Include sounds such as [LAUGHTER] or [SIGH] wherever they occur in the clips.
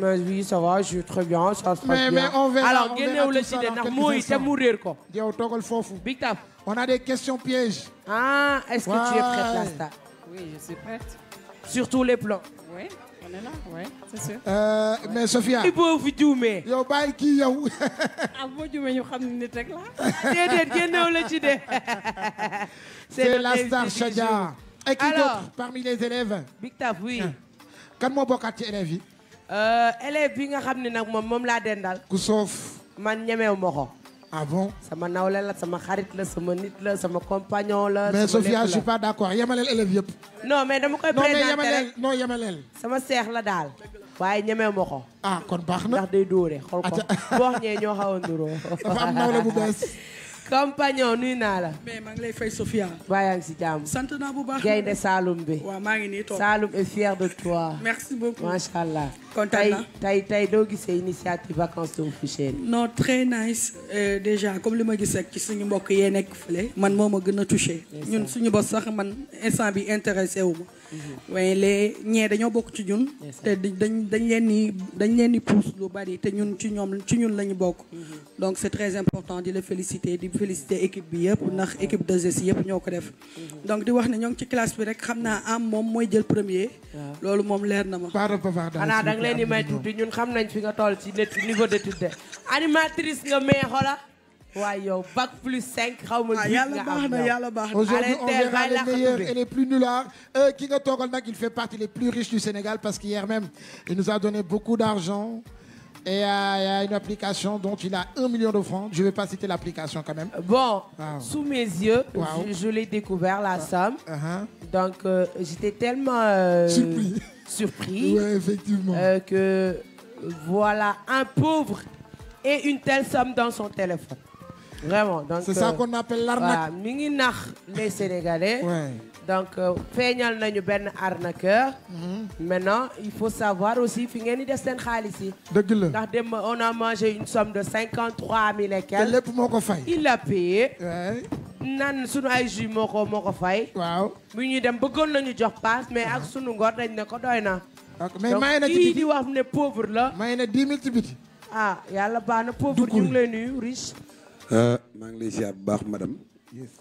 mais oui ça va je suis très bien ça se passe bien. mais mais on verra alors génnewu la si de ndax mooy te mu réer ko. yow toogal foofu. Big Taf. on a des questions pièges. ah est-ce que tu es prête la star. oui je suis prête. sur tous les plans. oui on est là oui c'est sûr. Euh, ouais. mais Sophia. il faut fi juumee. yow bàyyi kii yow. ah boo juumee ñu xam nit rek la. [LAUGHS] déedéet génnewu la ci de. [LAUGHS] c'est la star Chadia. et qui d'autre parmi les élèves. Big Taf oui. kan moo bokkaat ci élèves yi. Euh, élève bi nga xam ne nag moom moom laa den daal ku soof. man ñemew ma ko. ah bon sama nawle la sama xarit la sama nit la sama compagnon la. mais Sophia je suis pas d'accord yemaleel élèves yëpp. non mais dama koy présenté rek non yemaleel sama seex la daal. waaye ñemew ma ko. ah kon baax na ndax day dóore xool ko boo ñee ñoo xaw a [LAUGHS] am nawle bu bees. [LAUGHS] compagnon nuyu naa la. mais maa ngi lay fay Sophia. waaye yaa ngi si jàmm. sant naa bu baax gaynde Saloum bi. waaw maa ngi nii toog fier de toi. merci beaucoup macha allah. kontaan naa tey tey doo gisee initiative vacances doomu Fouché. non très nice euh, déjà comme li ma gis rek ci suñu mbokk yee nekk fële. man moo ma gën a touché. ñun suñu bos sax man instant bi intéressé wu ma. waaye mhm. les ñee dañoo bokk ci ñun. te dañ dañ leen ni dañ leen ni pousse lu bari te ñun ci ñoom ci ñun la ñu bokk. Mhm. donc c'est très important di la féliciter di féliciter équipe bi yëpp ndax équipe de gestion yëpp ñoo ko def. Mhm. donc di wax ne ñoo ci classe bi rek xam naa am moom mooy jël premier. loolu moom leer na ngi leen di xam nañ fi nga toll ci niveau d'étude animatrice nga yow bac plus 5 xaw ma. Ah, yàlla baax na baax na aujourd'hui euh, ki nga toogal nag il fait partie les plus riches du Sénégal parce qu'hier même il nous a donné beaucoup d'argent et y a une application dont il a un million de francs je vais pas citer l'application quand même. bon wow. Ah. sous mes yeux. je, l'ai découvert la wow. Ah. somme. Uh-huh. donc euh, j'étais tellement. Euh... surpris. Ouais, effectivement. Euh, que voilà, un pauvre et une telle somme dans son téléphone. Vraiment. C'est ça euh, qu'on appelle l'arnaque. Voilà, ngi nax les Sénégalais. Ouais. donc euh, feeñal nañu benn arnaqueur. Mhm. maintenant il faut savoir aussi fi ngeen di def seen xaalis yi. dëgg ndax dem on a mangé une somme de cinquante trois mille et quelques. te lépp il a payé. naan sunu ay jus moo ko moo ko fay. waaw bu ñuy dem bëggoon nañu jox paas mais ak sunu ngor ne ko doy na. mais may na ci biti may na 10 biti. ah yàlla baax na pauvre ñu ngi lay nuyu euh, maa ngi lay ziar bu baax madame.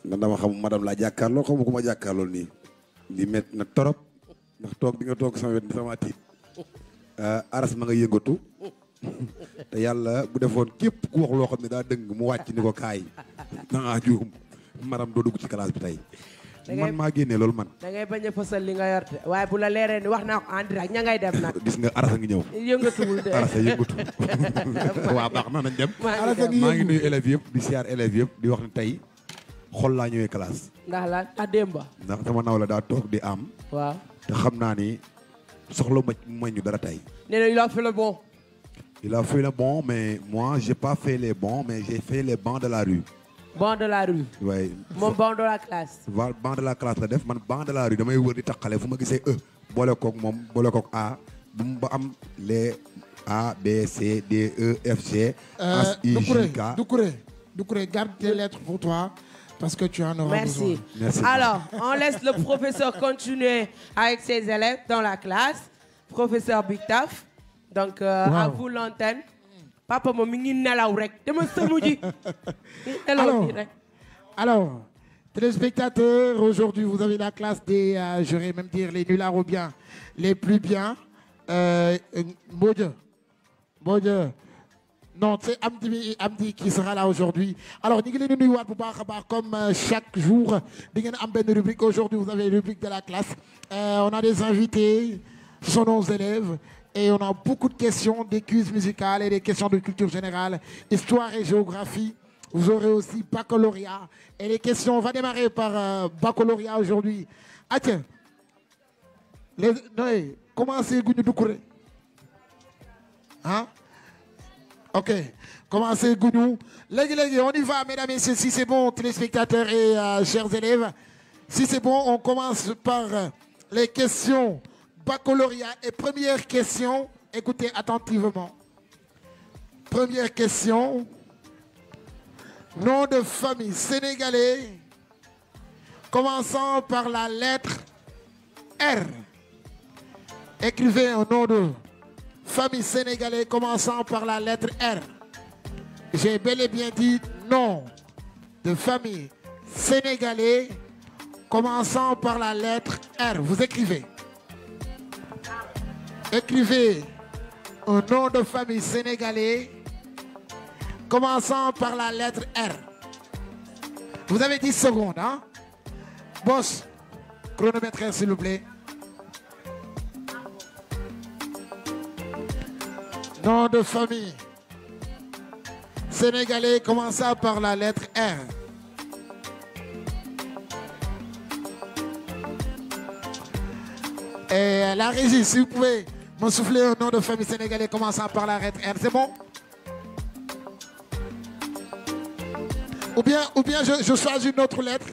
ndax dama xam madame laa jàkkaarloo xamu ko ma nii. di métti na torop ndax toog di toog sama wet sama tiit. Euh, aras ma nga [LAUGHS] te yàlla bu defoon képp ku wax loo xam ne daa dëng mu wàcc ni ko kaay. da [LAUGHS] juum. maram doo dugg ci classe bi tey. man maa génne loolu man. da ngay bañ li nga yor de waaye bu la leeree ni wax naa ko en direct ña dem nag. [LAUGHS] gis nga arasa ngi ñëw. yëngatuwul de arasa yëngatuwul. [LAUGHS] waa baax na nañ dem. arasa ngi maa ngi nuyu élèves yëpp di siyaar élèves yëpp di wax ne tey xol laa ñëwee classe. ndax la a ah, démba. ndax sama naw la daa toog di am. waaw te xam naa ni soxla ma ma ñu dara tey. nee na il bon. il a bon mais mois j'ai pas fait les bons mais les bancs de la banc de la rue. waay moom de la classe. def man banc de la rue damay wër di taqale fu ma gisee e boole koog moom a bu mu A B C D E F G. Euh, H garde tes lettres pour toi. parce que tu en on laisse le professeur continuer avec ses élèves dans la classe. Professeur Big Donc, euh, à vous l'antenne. papa moom mi ngi nelaw rek dama sëmu [LAUGHS] rek alors téléspectateurs aujourd'hui vous avez la classe des euh, j'aurais même dire les nullards ou bien les plus bien euh, Mbodj Mbodj non c'est Amdi Amdi qui sera là aujourd'hui alors ñu ngi leen di nuyuwaat bu baax baax comme euh, chaque jour di ngeen am benn rubrique aujourd'hui vous avez la classe euh, on a des invités ce sont nos élèves et on a beaucoup de questions, des quiz musicales et des questions de culture générale, histoire et géographie. Vous aurez aussi baccalauréat. Et les questions, on va démarrer par euh, aujourd'hui. Ah tiens, les, non, comment c'est Gouni Doukouré Hein Ok, comment c'est on y va, mesdames messieurs, si c'est bon, téléspectateurs et euh, chers élèves. Si c'est bon, on commence par euh, les questions baccalauréat. Et première question, écoutez attentivement. Première question. Nom de famille sénégalais, commençant par la lettre R. Écrivez un nom de famille sénégalais commençant par la lettre R. J'ai bel et bien dit nom de famille sénégalais commençant par la lettre R. Vous écrivez. Écrivez un nom de famille sénégalais commençant par la lettre R. Vous avez 10 secondes, hein? Boss, chronométreur, s'il vous plaît. Nom de famille sénégalais commençant par la lettre R. Et la régie, s'il vous plaît. Me souffler un nom de famille sénégalais commençant par la lettre N, c'est bon? Ou bien, je, choisis une autre lettre.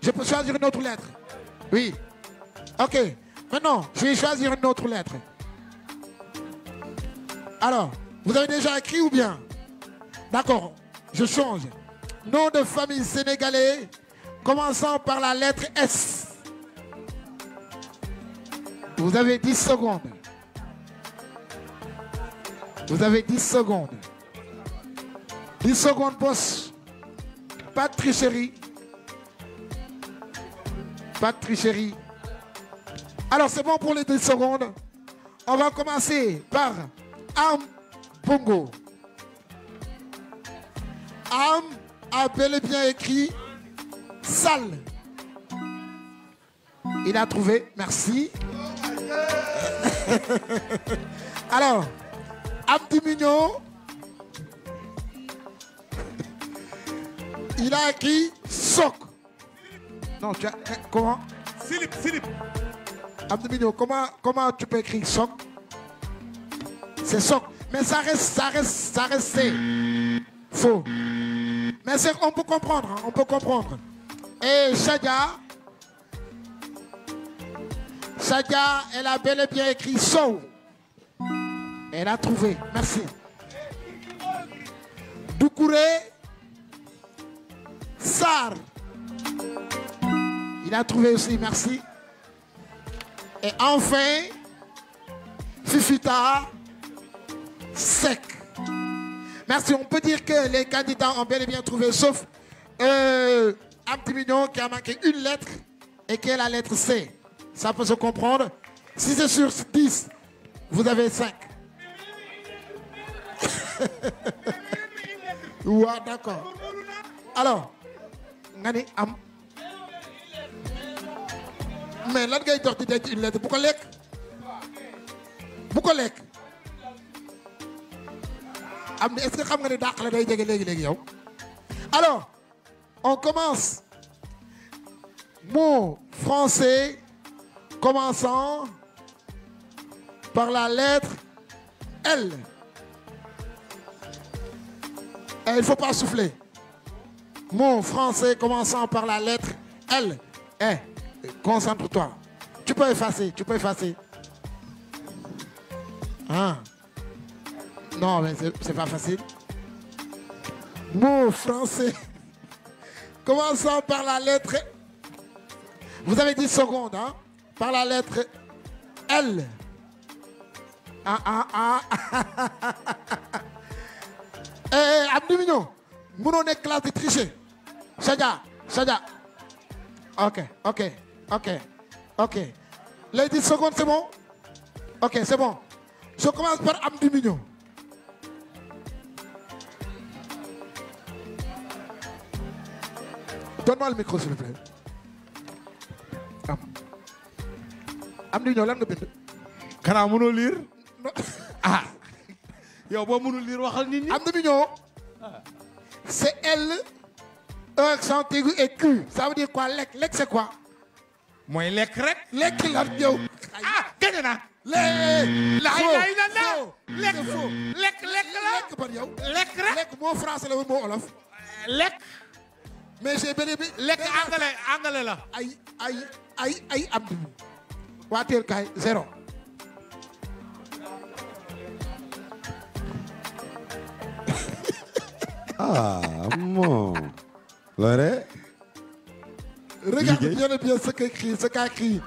Je peux choisir une autre lettre. Oui. OK. Maintenant, je choisir une autre lettre. Alors, vous avez déjà écrit ou bien? D'accord, je change. Nom de famille sénégalais commençant par la lettre S. Vous avez 10 secondes. Vous avez 10 secondes. 10 secondes, boss. Pas de tricherie. Pas de tricherie. Alors, c'est bon pour les secondes. On va commencer par Am Bongo. Am a bel bien écrit Sale. Il a trouvé. Merci. [LAUGHS] Abdi Mignon il a écrit Sok. non tu as eh, comment. Silip Silip. Abdi Mignon comment comment tu peux écrire Sok. c'est Sok mais ça reste ça reste c'est faux. mais c'est on peut comprendre et Chadia. Chadia elle a bel et bien écrit Sow. Elle a trouvé. Merci. Il a trouvé aussi, merci. Et enfin, Fifita Sec. On peut dire que les candidats ont bel et bien trouvé, sauf euh, un petit qui a manqué une lettre et qui est la lettre C. Ça peut se comprendre. Si c'est sur 10, vous avez waaw [LAUGHS] d'accord alors nga ni am mais lan ngay jox di denc une lettre bu ko lekk bu ko lekk am ni est-ce que xam nga ni dàqale day jege léegi léegi yow alo on commence mot français commençant par la lettre L Et il ne faut pas souffler. Mot français commençant par la lettre L. Eh, concentre-toi. Tu peux effacer, tu peux effacer. Non, mais c'est pas facile. Mot français [LAUGHS] commençant par la lettre. Vous avez 10 secondes, Par la lettre L. Ah, ah, ah. [LAUGHS] Euh, Abdou Mignon mënoo nekk classe di tricher Sadia Sadia ok ok ok ok les dix secondes bon ok c'est bon je commence par Abdou Mignon donne-moi le micro s'il vous plaît am ah. Abdou Mignon lan nga bind. xanaa mënoo lire [LAUGHS] ah. yow boo mënul lire waxal nit ñi. am na mu ñëw c'est L E accent aigu et dire quoi lekk lekk c'est quoi. mooy lekk rek. lekk la yow. ah gën lekk foo lekk lekk la lekk ban yow. lekk rek moo français la wala moo olof. lekk. mais j'ai beneen lekk anglais anglais la. ay ay ay ay am. waa Terkaay zéro. ah bon. loolu Regarde bien, bien ce qu'a écrit, ce qu'a écrit.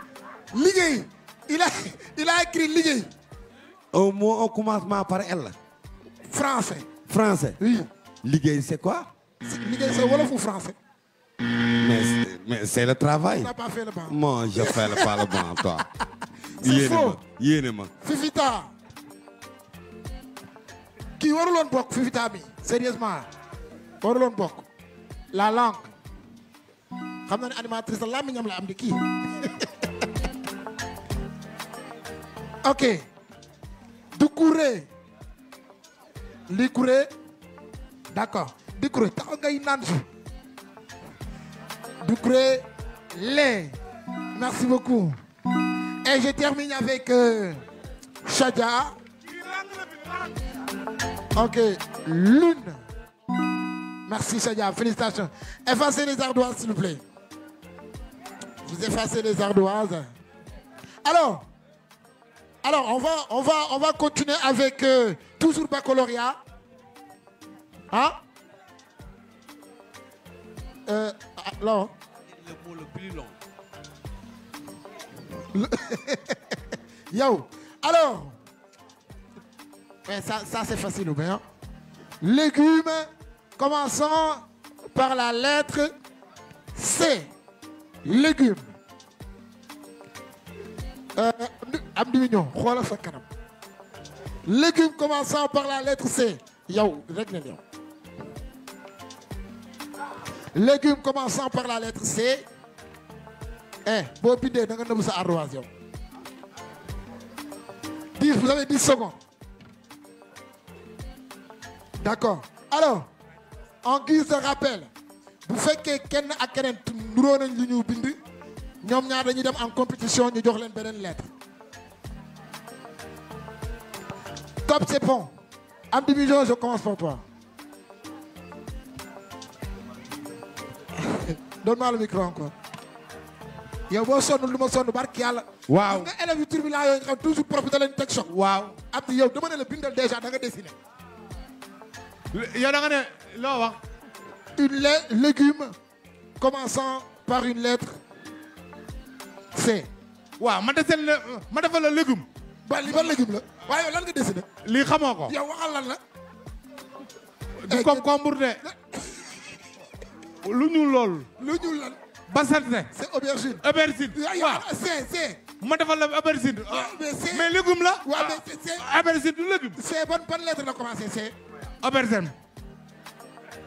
Ligue, il a, écrit Ligue. Au mot au commencement par elle. Français. Français. Oui. Ligue, quoi Ligue, c'est Wolof ou français Mais, c'est le travail. Tu pas fait le banc. je fais pas le banc, toi. [LAUGHS] c'est faux. Yénema. Fifita. Qui est-ce que Fifita Sérieusement. waruloon bokk la langue xam na ne animatrice la làmmiñam la am di kii [LAUGHS] ok Doucouré Licouré d'accord Doucouré taxaw ngay naan su Doucouré lait merci beaucoup et je termine avec euh, ok lune Merci Chadia, félicitations. Effacez les ardoises, s'il vous plaît. Vous effacez les ardoises. Alors, alors on, va, continuer avec euh, toujours baccalauréat. Hein euh, alors Légumes Commençons par la lettre C. Légumes. Euh, Amdi Mignon, xoolal Légumes commençant par la lettre C. Yow rek na Légumes commençant par la lettre C. Eh, boo bindee da nga nëbb sa ardoise yow. 10, vous avez 10 secondes. D'accord. en guise de rappel bu fekkee kenn ak keneen nuroo nañ li ñu bind ñoom ñaar dañuy dem en compétition ñu jox leen beneen lettre top c'est bon am division je commence par toi [LAUGHS] donne-moi le micro encore yow boo sonn lu ma sonn barki yàlla waaw nga élèves yu turbulents yooyu nga xam toujours profité lañu teg choc waaw am yow dama ne la bindal déjà da nga dessiné yow da nga ne loo wax. une légume commençant par une lettre C. waaw ma desel la ma defal la légume. ba li ban légume la. waaye yow lan nga dessiné. lii xamoo ko. yow waxal lan la. du eh, concombre de. [LAUGHS] lu ñuul loolu. lu ñuul lan. basalse. c'est aubergine. aubergine waaw c'est c'est. ma defal la aubergine. Ah, mais légume la. waaw ah. mais c'est aubergine du légume. c'est ban pan lettre la commencé c'est. Obersen.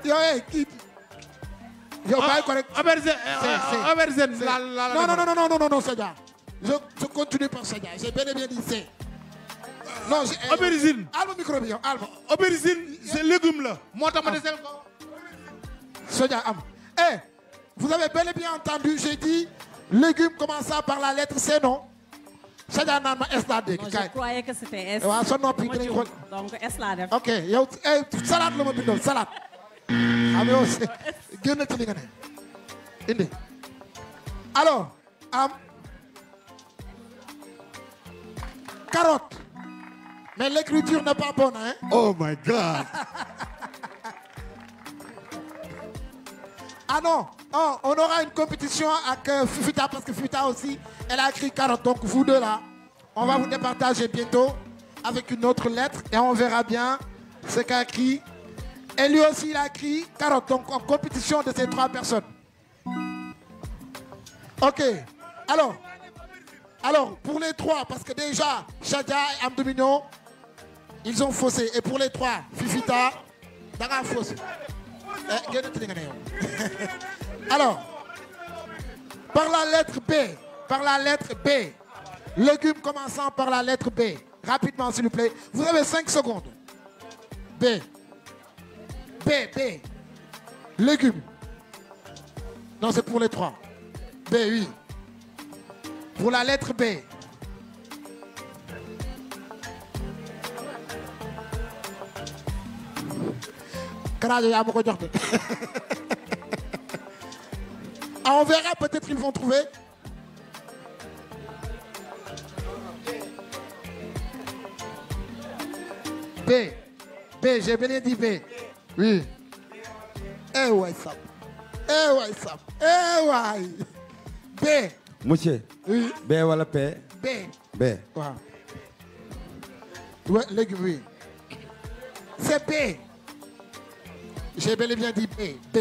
yow eh kii. yow bàyyi ko non non non non non non Sadia. je continue par Sadia j'ai bel bien dit c'est. non c'est. Eh, aubergine. alma micro bi c'est légume la. moo tax ma desel ko. Sadia am. eh vous avez bel bien entendu j'ai dit légume commençant par la lettre C non. Sadia naan ma S laa dégg. kaay je croyais que c'était ok yow salade la ma bindoon salade. am yow génn ne indi alors am carotte mais l'écriture n'est pas bonne eh? hein. oh my God. [LAUGHS] Ah non, oh, on aura une compétition avec euh, Fufuta parce que Fufuta aussi, elle a écrit Donc vous deux là, on va vous départager bientôt avec une autre lettre et on verra bien ce qu'a écrit. Et lui aussi, il a écrit Donc en compétition de ces trois personnes. Ok. Alors, pour les trois, parce que déjà, Shadia et Amdomino, ils ont faussé. Et pour les trois, Fifita, Dara faussé. Euh, Alors, par la lettre B, par la lettre B, légumes commençant par la lettre B. Rapidement, s'il vous plaît. Vous avez 5 secondes. B. Légumes. Non, c'est pour les trois. B, Pour la lettre B. Karajo yaa ma ko jox [LAUGHS] ah, on verra peut-être qu'ils vont trouver B j'ai bien dit B oui eh waay Sam eh waay Sam eh waay B monsieur oui B wala c'est B J'ai bel et bien dit B. B.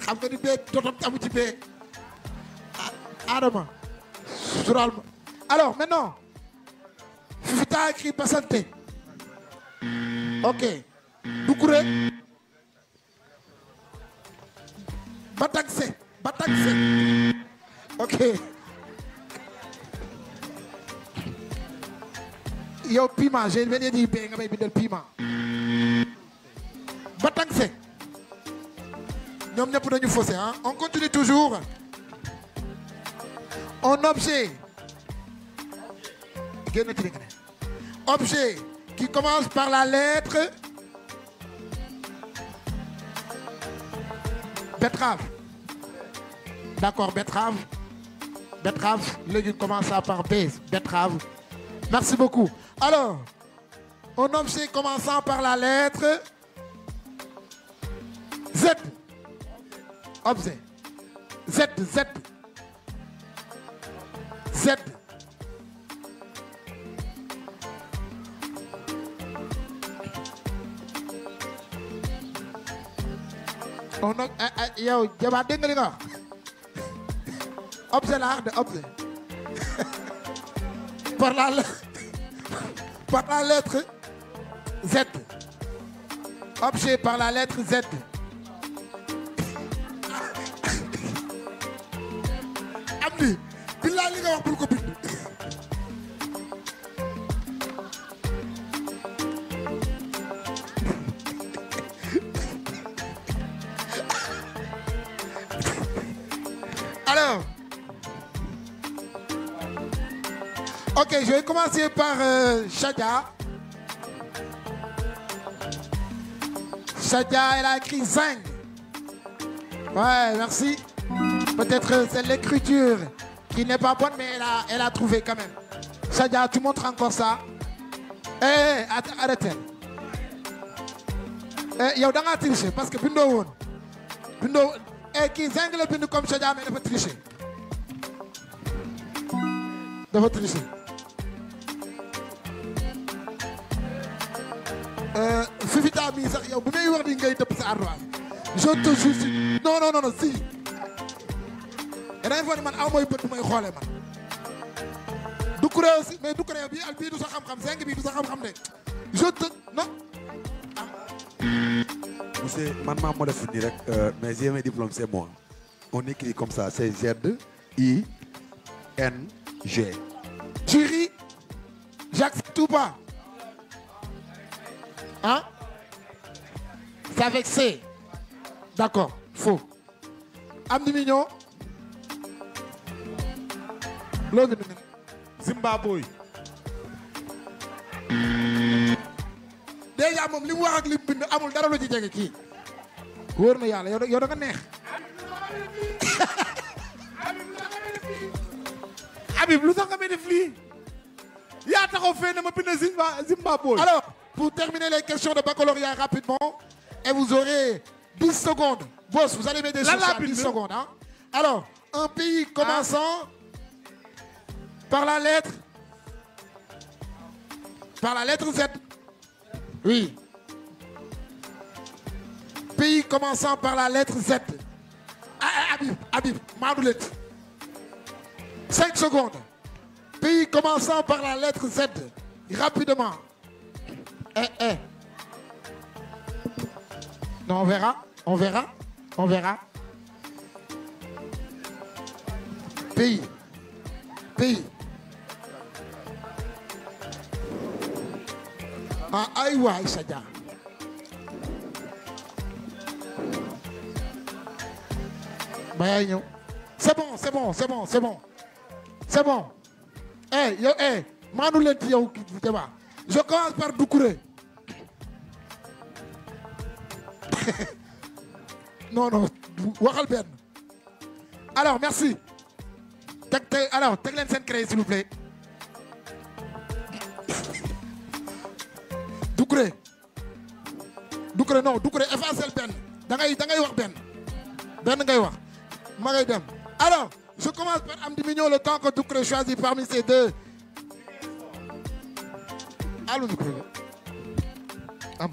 xam nga ni B dootam amu ci B. Adama. Sural ma. Alors maintenant. Fifita a écrit Basanté. Ok. Doucouré. ok yow piment je vais dire be nga may bindal piment batangse ñoom ñëpp dañu faussé ah on continue toujours un objet objet qui commence par la lettre betterave D'accord, betterave. Betterave, légumes commençant par B, betterave. Merci beaucoup. Alors, un objet commençant par la lettre Z. Objet. Z, Z. On a, eh, eh, yow jabaar objet laa wax de objet par la lettre Z objet par la lettre Z am ni billaay wax bul ko Allez, je vais commencer par euh, Shadia. elle a écrit Zing. Ouais, merci. Peut-être euh, c'est l'écriture qui n'est pas bonne, mais elle a, trouvé quand même. Shadia, tu montres encore ça. Eh, hey, eh, eh, arrêtez. Eh, yow da parce que bindoo woon. Bindoo eh kii bind comme Shadia mais dafa tricher. dafa tricher. Euh, Fifita mii sax yow bu ngay wax ni ngay dëpp sa ardoise je te jure non non non si danañ foog man aw mooy bët bu man du kuréel si al bii du sa xam-xam cinq bii du sa xam-xam de je te non. monsieur man maa moo def nii rek euh, mais j'ai mes diplômes c'est moi on écrit comme ça c'est Z N G. jury j'accepte ou Hein C'est avec C. D'accord, faux. Amdi Mignon. L'autre, Zimbabwe. déjà moom li mu wax ak li mu bind amul dara lu ci jege kii wóor na yàlla yow da nga neex. Habib lu tax nga def lii yaa taxaw fee na ma bind Zimbabwe. pour terminer les questions de baccalauréat rapidement. Et vous aurez 10 secondes. Boss, vous allez m'aider sur ça, 10 secondes. Alors, un pays commençant par la lettre. Z. Oui. Pays commençant par la lettre Z. Ah, ah Habib, Habib, Madoulette. secondes. Pays commençant par la lettre Z. Rapidement. eh, eh. Non, on verra, on verra, on verra. Pays. Pays. Ah, aïwa, Isadia. C'est bon, c'est bon, c'est bon, c'est bon. C'est bon. Eh, yo, eh, hey. Manu Lenti, yo, qui vous Je commence par Doucouré. [LAUGHS] non, non, waxal benn. Alors, merci. teg teg alors teg leen seen créé s'il vous plaît. [LAUGHS] Doucouré. Doucouré non Doucouré effacer benn da ngay da wax benn. benn ngay wax ma ngay dem alors je commence par Amdi Mignon le temps que Doucouré choisit parmi ces deux. alun am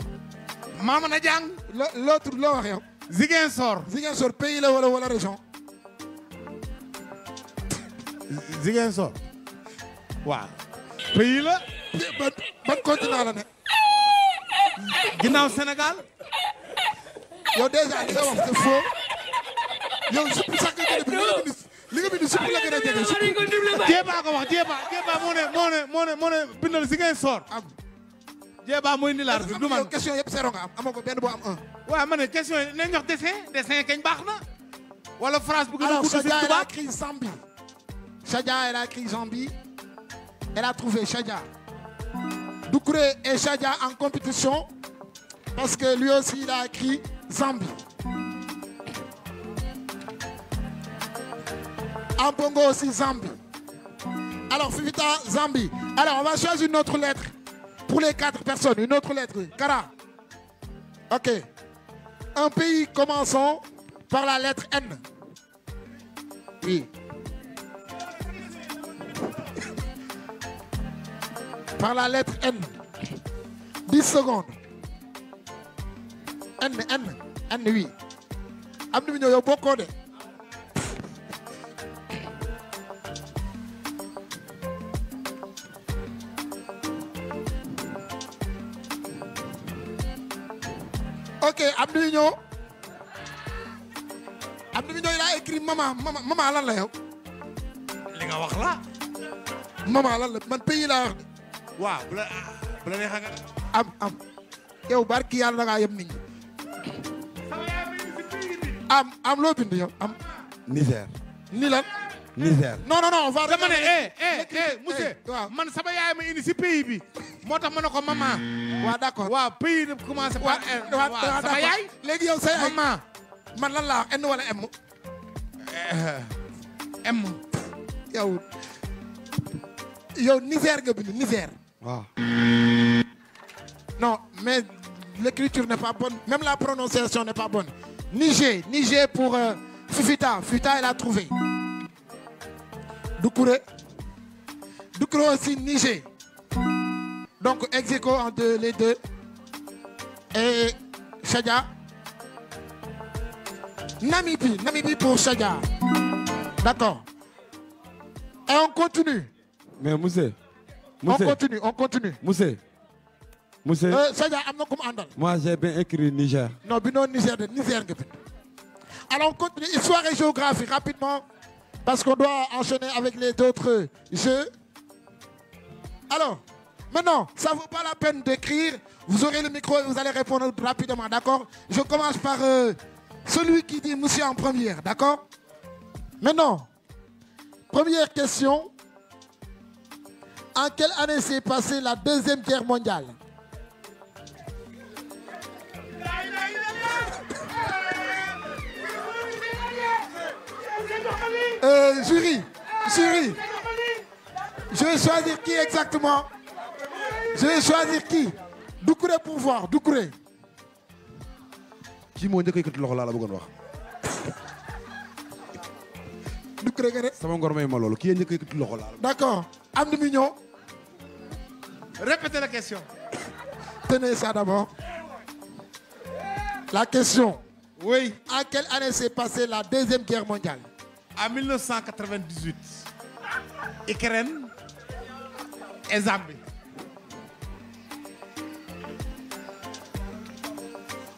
maa mën a jàng loo loo tudd loo wax yow Ziguinchor Ziguinchor pays la wala wala région Ziguinchor waaw pays la ban ban continent la ne ginnaaw Sénégal yow déjà li nga wax c'est faux yow saq kene bi ministre li nga bind suuf la gën a jege wax jéebaa jéebaa moo ne si ngay soor. jéebaa mooy laar du man question yëpp zéro am amoo ko benn am un. waaw ma question yi nañ wax dessin dessin baax na. wala phrase bu gën a gudd a écrit Zambie. Chadia a trouvé Chadia. Doucouré et Chadia en compétition parce que lui aussi il écrit Zambie. en bongo aussi Zambie. Alors Fifita, Zambie. Alors on va choisir une autre lettre pour les quatre personnes. Une autre lettre. Kara. Ok. Un pays, commençons par la lettre N. Oui. Par la lettre N. 10 secondes. N, N, N, oui. Amdi Mignon, il y a beaucoup ok Abdou ñëw Abdou ñëw il a écrit maman maman maman lan la yow. li nga wax la. maman lan man pays laa wax de. am am yow barki yàlla da ngaa yem am loo bind yow am. Niger. ni lan. Niger. non non non on va. dama ne eh, eh, eh, man sama yaay ma indi si pays bi. moo tax ma ne ko maman. Hmm. waaw d'accord waa pays de commencé par N. waaw sama yaay léegi yow say ay maman man la laa N wala M. Eh, M. yow yow Niger nga bind Niger. non mais l'écriture n'est pas bonne même la prononciation n'est pas bonne Niger Niger pour euh, Fufita elle a trouvé Doucouré Doucouré aussi Niger. donc ex aequo en deux les deux et Chadia Namibie Namibie pour Chadia d'accord et on continue. mais Moussé. Moussé on continue on continue. Moussé. Moussé euh, am na ku mu àndal. moi j'ai bien écrit Niger. non bindoo Niger de Niger nga bind. alors on continue histoire et géographie rapidement parce qu'on doit enchaîner avec les autres jeux alors. Maintenant, ça ne vaut pas la peine d'écrire. Vous aurez le micro et vous allez répondre rapidement, d'accord Je commence par euh, celui qui dit monsieur en première, d'accord Maintenant, première question. En quelle année s'est passée la Deuxième Guerre mondiale euh, je vais choisir qui exactement Je vais choisir qui Doucouré pour voir Doucouré. kii moo njëkk a loxo laa bëggoon wax. Doucouré nga de. sama ngor may ma loolu kii a yëkkati loxo laa la. d'accord am na mu ñëw. la question. tenez ça d'abord. la question. oui. à quelle année s'est passée la deuxième guerre mondiale. en 1998. Ukraine et Zambie.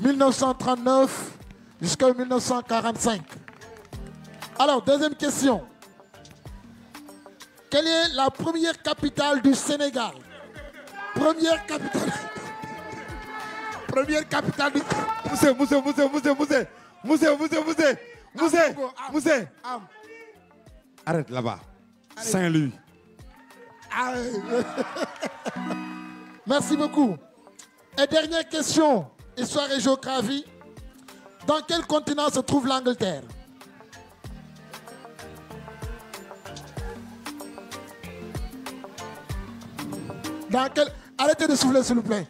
1939 jusqu'en 1945. Alors, deuxième question. Quelle la première capitale du Sénégal Première capitale. Première capitale du Moussé, Moussé, question. Histoire et géographie. Dans quel continent se trouve l'Angleterre Dans quel... Arrêtez de souffler, s'il vous plaît.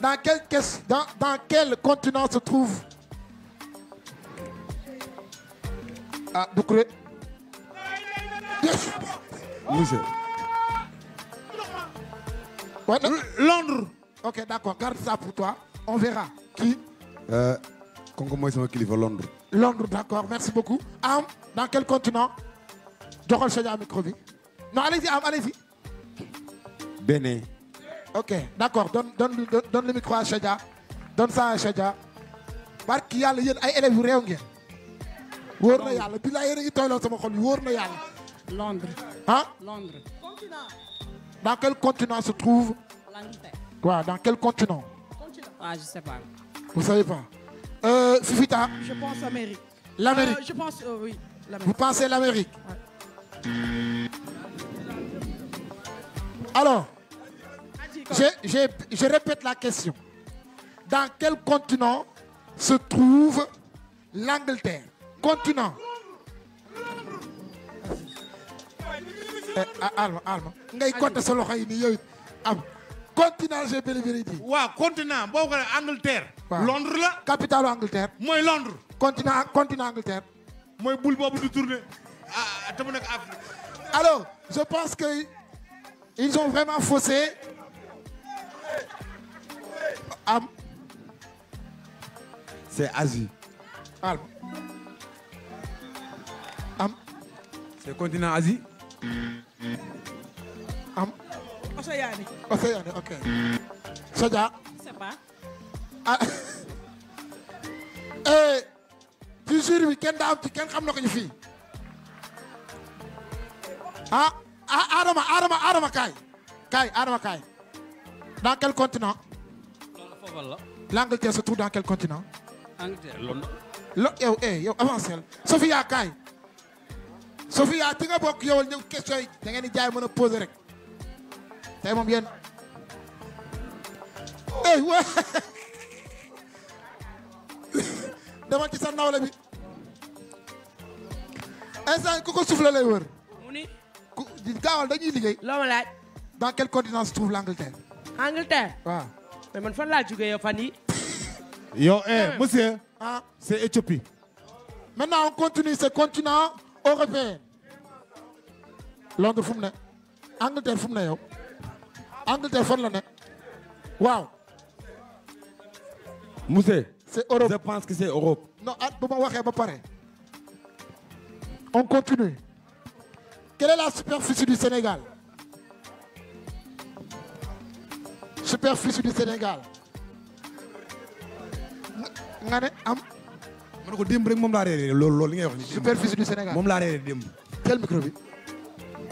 [LAUGHS] Dans, quel... continent se trouve... Ah, Londres. ok d'accord garde ça pour toi on verra kii. kooku mooy sama kilifa Londres. Londres d'accord merci beaucoup. Am dans quel continent. joxol Sonia micro bi non allez-y Am allez-y. ok d'accord donne donne donne le donne ça à Sonia. barki yàlla yéen ay élèves yu réew ngeen. wóor na yàlla bi laa yéen a ngi sama xol yi na yàlla. Londres. dans quel continent se trouve. Quoi, dans quel continent Ah, je sais pas. Vous savez pas euh, Fufita Je pense Amérique. L'Amérique euh, Je pense, euh, oui. Vous pensez l'Amérique ouais. Alors, je, je, je répète la question. Dans quel continent se trouve l'Angleterre Continent. Eh, Alma, ah, Alma. ngay compter sa loxo yi nii yow it am continent j'ai Bélibéri waaw continent boo ko Angleterre. Londres la. capitale Angleterre. mooy Londres. continent continent Angleterre. mooy boule boobu du tourner ah te mu Afrique. alors je pense que ils ont vraiment faussé am. Ah. c'est Asie. am. Océani. Océani, ok. Soja. Je sais pas. ah. [LAUGHS] Eh, ci jury bi kenn am ci kenn xam na ko ñu fii ah ah Adama Adama Adama kaay kaay Adama kaay dans quel continent. loolu foofu la. l'Angleterre se trouve dans quel continent. Angleterre Londres. lo yow eh yow avancé la. Sophia kaay. Sophia ti nga bokk yow ñëw question yi da ngeen i jaay mën a poser rek. tey moom yéen ey wa demal ci sa nawle bi instant ku ko soufflé lay wër mu ni ku gaawal dañuy liggéey loo ma laaj dans quel continent se trouve l'Angleterre Angleterre waaw mais man fan laa jógee yow fan yi yow eh monsieur ah c'est Éthiopie maintenant on continue ce continent européen Londres fu ne Angleterre fu ne yow Angleterre fan la nekk waaw. Moussé. c'est Europe je pense que c'est Europe. non at ah, bu waxee ba pare. on continue. quelle est la superficie du Sénégal. superficie du Sénégal. nga ne am. ma ne ko démb rek moom laa réeré loolu loolu li ngay wax nii. superficie du Sénégal moom laa réeré démb. jël micro bi.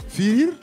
fiir [LAUGHS]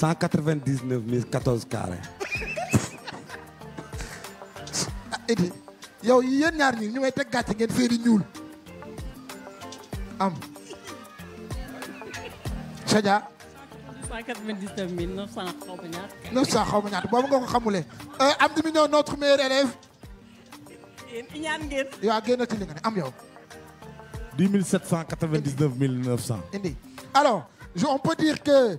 cent quatre vingt dix neuf mille quatorze carré. ah Idy yow yéen ñaar ñi ñu may teg gàcce ngeen fee ñuul am. Sadia. cent quatre vingt dix neuf xaw ma ñaar. boobu nga ko xamulee. Euh, am di mi ñëw notre meilleur élève. yéen ñaan ngeen. Ah, li nga ne am yow. dix mille sept on peut dire que.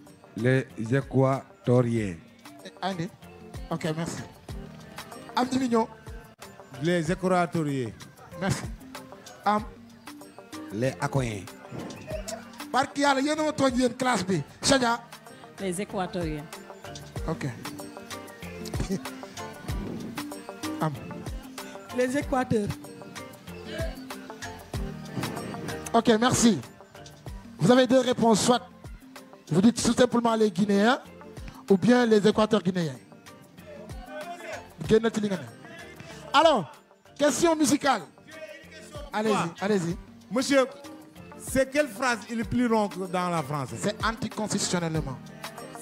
les équatoriens. Andy ok merci. am na les équatoriens. am. les acoyens. barke yàlla yéen a ma tooñ yéen classe bi Sadia. les équatoriens. ok. [LAUGHS] ok merci. vous avez deux réponses soit. Vous dites tout simplement les Guinéens ou bien les Équateurs guinéens. Alors, question musicale. Allez-y, allez-y. Monsieur, c'est quelle phrase il est plus long dans la France C'est anticonstitutionnellement.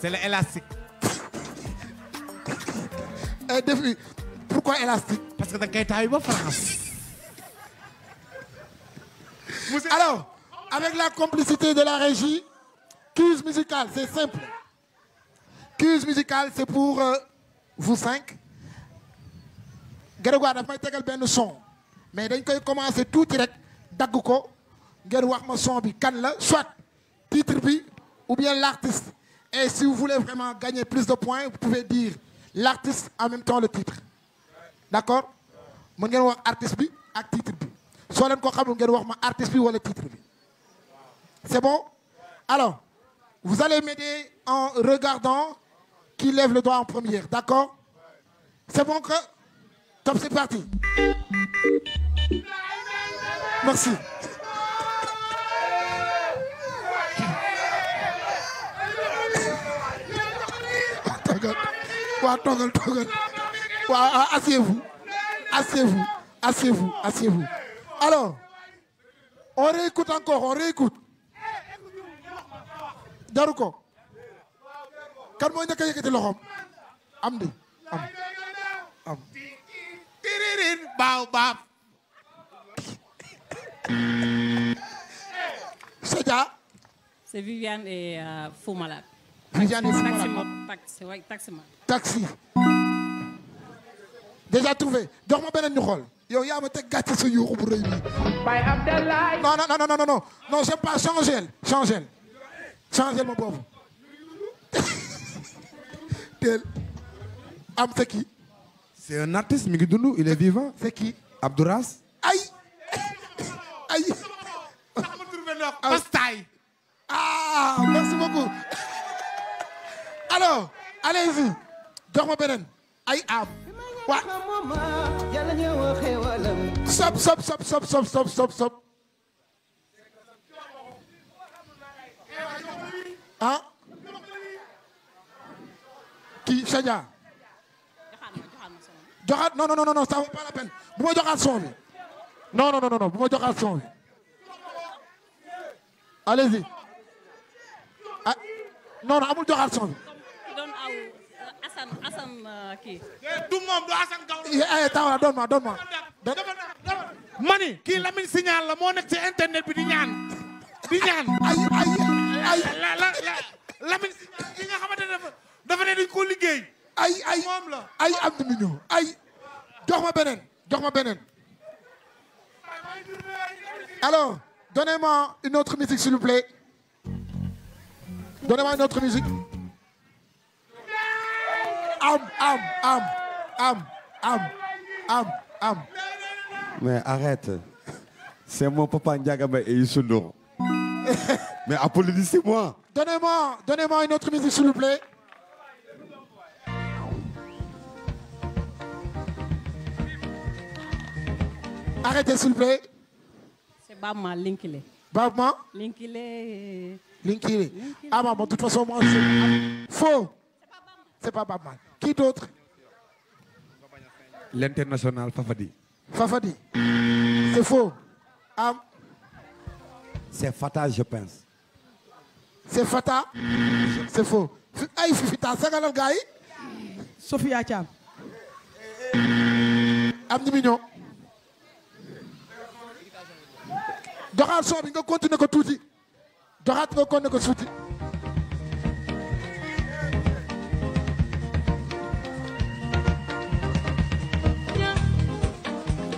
C'est l'élastique. [LAUGHS] Et euh, pourquoi élastique Parce que t'as gagné en France. Alors, avec la complicité de la régie, Cuse musicale, c'est simple. Cuse musicale, c'est pour euh, vous cinq. Grégoire daf may tegal benn son mais dañ koy commencer tuuti rek dagg ko ngeen wax ma son bi kan la soit titre bi ou bien l'artiste et si vous voulez vraiment gagner plus de points vous pouvez dire l'artiste en même temps le titre d'accord mën ngeen wax artiste bi ak titre bi soo leen ko xamul ngeen wax ma artiste bi wala titre bi c'est bon alors Vous allez m'aider en regardant qui lève le doigt en première, d'accord? C'est bon que? c'est parti. Merci. alors on réécoute encore on réécoute jaru ko kan moo njëkk a yëkkati loxoom am di am am tiririn baaw baab Sadia c'est Viviane et euh, Fou Malade Viviane et Fou Malade taxi waay taxi ma taxi déjà trouvé jox ma beneen ñu xool yow yaa ma teg gàcce sa yuuxu bu rëy bi Baye Abdallah non non non non non non c'est pas changel changel changé ma boobu teel am c'est c'est un artiste mi ngi dund il est vivant. c'est qui Abdouras. ay ay. Ah. Pastaay. ah merci beaucoup. alors allez-y ma beneen ay am wa. sop sop sop sop sop ah kii Sadia joxaat non non bu ma joxaat son bi non bu ma joxaat son allez-y ah non amul joxaat son euh, eh, du moom du Assane Gawlo. Eh, eh, taw ma mani kii Lamine Signal la moo nekk ci internet bi di ñaan di ñaan. ay la la la Lamine nga xamante dafa ne dañ koo liggéey. ay ay moom la ay am ay jox ma beneen jox ma beneen. alors donnez une autre musique s'il vous plaît. donnez am am am am am am am. mais arrête c'est mon papa Ndiaga Mbaye et Youssou [LAUGHS] Mais Apolline, c'est moi. Donnez-moi, donnez-moi une autre musique, s'il vous plaît. Arrêtez, s'il vous plaît. C'est Babma, Linkile. Babma Linkile. Linkile. Ah, maman, de toute façon, moi, c'est. Faux. C'est pas Babma. Qui Fafadi. C'est faux. Ah. C'est fatal, je pense. c'est fata c'est faux ay fifita sagalal gaay Sophia Thiam am ni mignon doxaat soo bi nga continuer ko tuuti doxaat nga continuer ko tuuti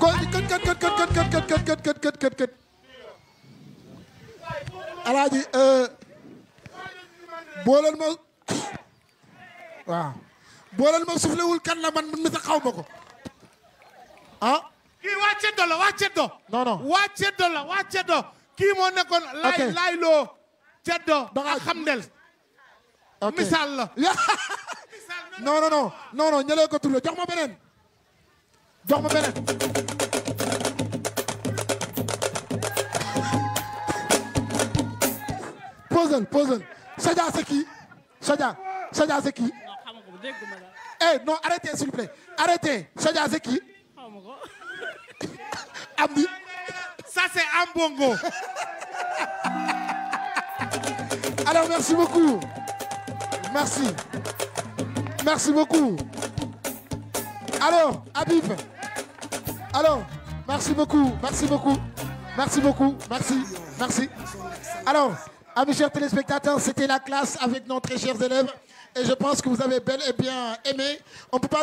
kët kët kët kët kët kët kët kët kët kët kët alaaji boo leen ma waaw boo leen ma suflewul kan la man mi sax xaw ma ko ah. kii waa Ceddo la waa Ceddo. non non la waa nekkoon. laay laayloo. Ceddo ak Xamdel. ok [LAUGHS] misaal la. non non non ko tur jox ma beneen. jox ma beneen. posal posal. Sadia c'est qui Sadia Sadia c'est qui eh non arrêtez s'il vous plaît arrêtez Sadia c'est qui [LAUGHS] Amdi ça c'est Ambongo [LAUGHS] alors merci beaucoup merci merci beaucoup alors Habib merci beaucoup merci beaucoup merci beaucoup merci merci alors Ah, mes chers téléspectateurs, c'était la classe avec nos chers élèves. Et je pense que vous avez bel et bien aimé. On peut pas